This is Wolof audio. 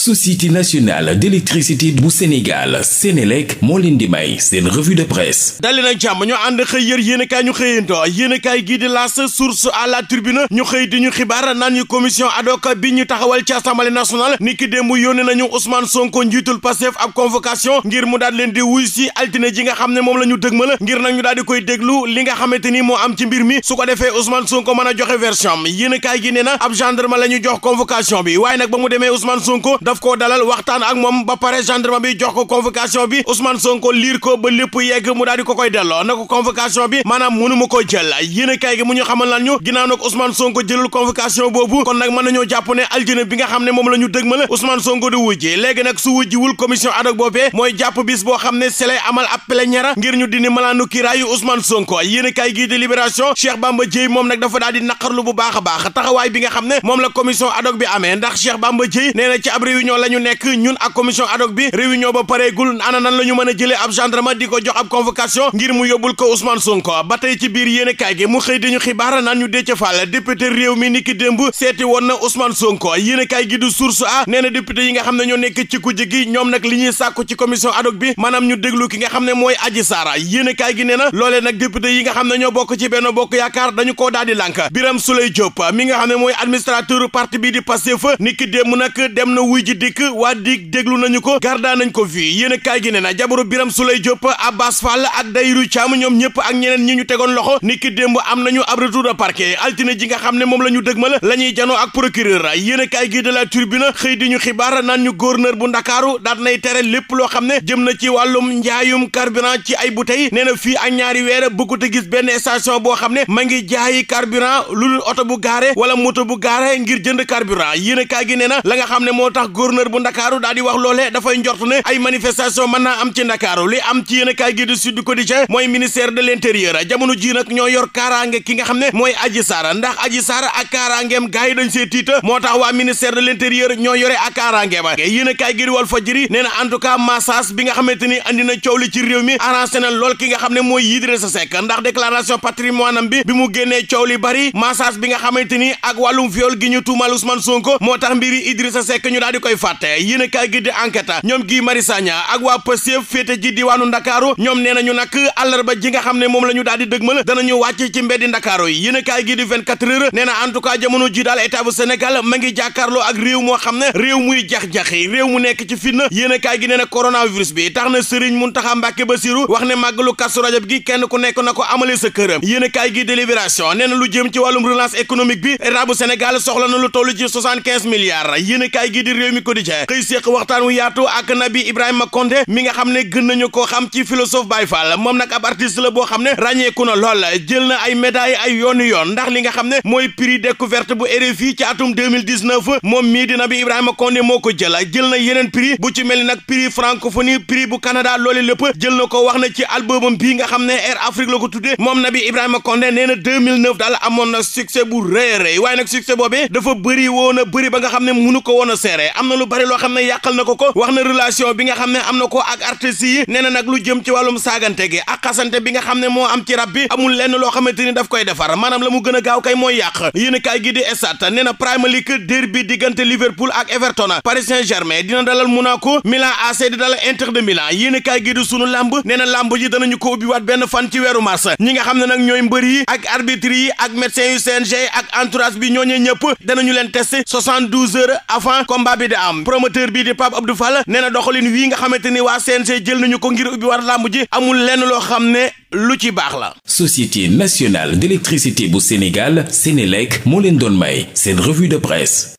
société nationale d'électricité bu Sénégal Sénélec moo leen di may seen revue de presse dali nag jàmm ñoo ànd xëy yër yéenekaay ñu xëyantoo yéenekaay gii di L'As Source à la Tribune ñu xëy di ñu xibaar naan ñu commission ad hoc bi ñu taxawal ci Assemblée nationale niki démb na nañu Ousmane Sonko njiitul Pastef ab convocation ngir mu daal leen di wuy si altine ji nga xam ne moom la ñu dëgmal ngir nag ñu daal di koy déglu li nga xamante ni moo am ci mbir mi su ko defee Ousmane Sonko mën a joxe version am yéenekaay gi nee na ab gendarme la ñu jox convocation bi waaye nag ba mu demee Ousmane Sonko daf koo dalal waxtaan ak moom ba pare gendarme bi jox ko convocation bi Ousmane Sonko liir ko ba lépp yegg mu daal di ko koy delloo na ko convocation bi maanaam mënu ma koo jël yéen a kaay gi mu ñu xamal lan ñu ginnaaw nag Ousmane Sonko jëlul convocation boobu kon nag mën nañoo jàpp ne aljana bi nga xam ne moom la ñu dëgmal Ousmane Sonko di wujji léegi nag su wujjiwul commission ad hoc boobee mooy jàpp bis boo xam ne selay amal ab plénière ngir ñu dindi malaanu kiraayu a a moom la commission ad hoc réunion la ñu nekk ñun ak commission ad hoc bi réunion ba pareegul ana nan la mën a jëlee ab gendarme di ko jox ab convocation ngir mu yóbbul ko Ousmane Sonko ba tey ci biir yéen kaay gi mu xëy di ñu xibaar naan ñu Déthié Fall député réew mi niki démb seeti woon na Ousmane Sonko yéen kaay gi du source a nee na yi nga xam ne nekk ci kujje gi ñoom nag li ñuy sàkku ci commission ad bi maanaam ñu déglu ki nga xam ne bokk ci Benno ji dikk waa dig déglu nañu ko gardaa nañ ko fii yéen a kaay gi ne na jabaru Biram Souleye Diop Abbas Fall ak Dayru Thiam ñoom ñëpp ak ñeneen ñi ñu tegoon loxo niki démb am nañu ab retour de parquet altine ji nga xam ne moom la ñu ma la ñuy janoo ak procureur yéen a kaay gi de la Tribune xëy di ñu xibaar naan ñu gouverneur bu Ndakaaru daat nay tere lépp loo xam ne jëm na ci wàllum njaayum carburant ci ay bu bouteilles nee na fii ak ñaari weer bëggut gis benn station boo xam ne ma ngi jaayi carburant lu oto bu gaare wala moto bu gaare ngir jënd carburant a kaay gi na la nga xam ne moo tax gouverneur bu ndakaaru daal di dafay njort ne ay manifestation mën naa am ci ndakaaru li am ci yéen a gi di Sud Quotidien mooy ministère de l'intérieur jamono ji nag ñoo yor kaaraange ki nga xam ne mooy Adji Sarr ndax Adji Sarr ak kaaraangeem gars yi dañ see tiita moo tax waa ministère de l'intérieur ñoo yore ak kaaraangeem yéen a kaay gi di Walfadjri nee na en tout bi nga xam ne mooy Idrissa Seck ndax déclaration patrimoine am koy fàtte yéen a kaay gi di enquête ñoom Guy Marius Sagna waa Pastef féete ji Ndakaaru ñoom nee nañu nag àllarba ji xam ne moom la ñu daal di dëgmal danañu wàcc ci mbeddi Ndakaaru yi yéen a gi di 24 heures nee na en tout cas jamono ji daal état bu Sénégal ma ngi jàkkaarloo ak réew moo xam ne réew muy jax-jaxi réew mu nekk ci fitna yéen a kaay gi nee na coronavirus bi tax na Serigne Mountakha Mbacké Bassirou wax ne màggalu Kazu Rajab gi kenn ku nekk na ko amalee a kaay gi délibération nee na lu jëm ci wàllum relance économique a kaay gi di réew Sud Quotidien xëy séq waxtaan wu yaatu ak Nabi Ibrahima Condé mi nga xam ne gën nañu koo xam ci philosophe Baye Fall moom nag ab artiste la boo xam ne ràññeeku na lool jël na ay médaille ay yoonu yoon ndax li nga xam ne mooy prix découverte bu RFI ci atum 2019 moom mii di Nabi Ibrahima Condé moo ko jël jël na yeneen prix bu ci mel ni nag prix francophonie prix bu Canada loolu lépp jël na ko wax na ci albumam bii nga xam ne Air Afrique la ko tuddee moom Nabi Ibrahima Condé nee na 2009 daal amoon na succès bu a rëy waaye nag succès boobee dafa bëri woon ko woon a na lu bari loo xam ne yàqal na ko ko wax na relation bi nga xam ne am na ko ak artistes yi nee nag lu jëm ci wàllum saagante gi ak xasante bi nga xam ne moo am ci rab bi amul lenn loo xamante ni daf koy defar maanaam la mu gën a gaaw kay mooy yàq yéen kaay gi di estat nee na Premier League derby diggante Liverpool ak Everton Paris Saint-Germain dina dalal Monaco Milan AC di dalal Inter de Milan yéen kaay gi di sunu lamb nee lamb ji danañu ko bi ñooñu ñëpp di am promoteur bii di Pape Abdou fal nee na doxalin wii nga xamante ni waa CNG jël nañu ko ngir ubbi war làmb ji amul lenn loo xam ne lu ci baax la. Société nationale d'électricité bu Sénégal Sénélec moo leen doon may seen revue de presse.